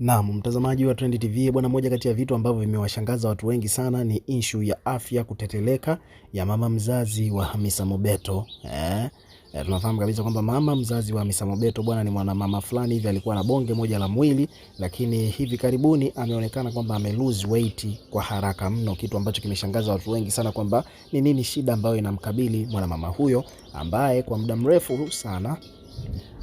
Naam, mtazamaji wa Trend TV bwana, moja kati ya vitu ambavyo vimewashangaza watu wengi sana ni ishu ya afya kuteteleka ya mama mzazi wa Hamisa Mobeto eh? E, tunafahamu kabisa kwamba mama mzazi wa Hamisa Mobeto bwana ni mwanamama fulani hivi alikuwa na bonge moja la mwili, lakini hivi karibuni ameonekana kwamba ame lose weight kwa haraka mno, kitu ambacho kimeshangaza watu wengi sana kwamba ni nini shida ambayo inamkabili mwanamama huyo ambaye kwa muda mrefu sana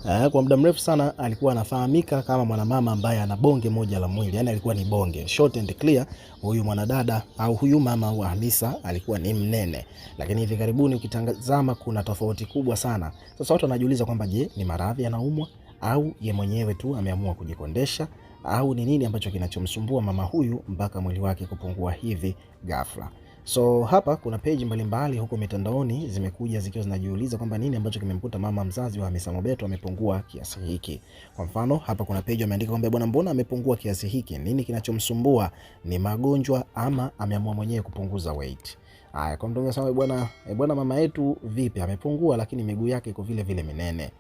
Eh, kwa muda mrefu sana alikuwa anafahamika kama mwanamama ambaye ana bonge moja la mwili, yani alikuwa ni bonge. Short and clear, huyu mwanadada au huyu mama wa Hamisa alikuwa ni mnene, lakini hivi karibuni ukitazama kuna tofauti kubwa sana. Sasa watu wanajiuliza kwamba je, ni maradhi anaumwa au ye mwenyewe tu ameamua kujikondesha au ni nini ambacho kinachomsumbua mama huyu mpaka mwili wake kupungua hivi ghafla? So hapa kuna peji mbalimbali huko mitandaoni zimekuja zikiwa zinajiuliza kwamba nini ambacho kimemkuta mama mzazi wa Hamisa Mobeto amepungua kiasi hiki. Kwa mfano, hapa kuna peji wameandika kwamba bwana, mbona amepungua kiasi hiki? Nini kinachomsumbua? Ni magonjwa ama ameamua mwenyewe kupunguza weight? Haya, kwa mtu mwingine bwana, eh, bwana mama yetu vipi, amepungua lakini miguu yake iko vile vile minene.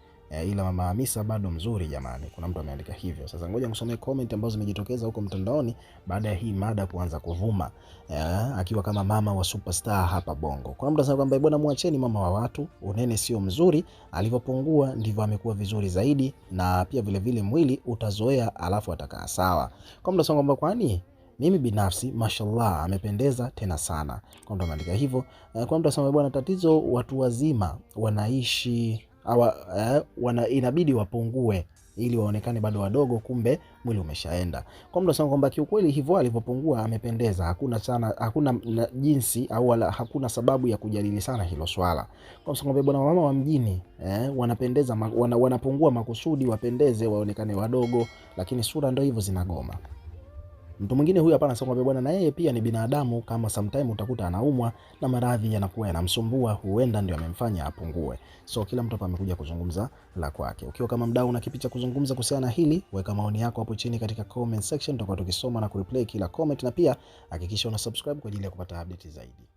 E, ila mama Hamisa bado mzuri jamani. Kuna mtu ameandika hivyo. Sasa ngoja nikusomee comment ambazo zimejitokeza huko mtandaoni baada ya hii mada kuanza kuvuma. E, akiwa kama mama wa superstar hapa Bongo. Kuna mtu anasema kwamba bwana, muacheni mama wa watu, unene sio mzuri, alivyopungua ndivyo amekuwa vizuri zaidi na pia vile vile mwili utazoea alafu atakaa sawa. Kwa mtu anasema kwamba kwani mimi binafsi mashallah amependeza tena sana. Kwa mtu ameandika hivyo. Eh, kwa mtu anasema bwana, tatizo watu wazima wanaishi awa, eh, wana, inabidi wapungue ili waonekane bado wadogo, kumbe mwili umeshaenda. Kwa mtu anasema kwamba kiukweli hivyo alivyopungua amependeza, hakuna sana, hakuna jinsi au wala hakuna sababu ya kujadili sana hilo swala. Kwa msongo bwana, mama wa mjini eh, wanapendeza wana, wanapungua makusudi wapendeze, waonekane wadogo, lakini sura ndio hivyo zinagoma. Mtu mwingine huyu hapana, sio kwamba bwana, na yeye pia ni binadamu, kama sometime utakuta anaumwa na maradhi yanakuwa yanamsumbua, huenda ndio amemfanya apungue. So kila mtu hapa amekuja kuzungumza la kwake. Ukiwa kama mdau na kipi cha kuzungumza kuhusiana na hili, weka maoni yako hapo chini katika comment section, tutakuwa tukisoma na kureply kila comment, na pia hakikisha una subscribe kwa ajili ya kupata update zaidi.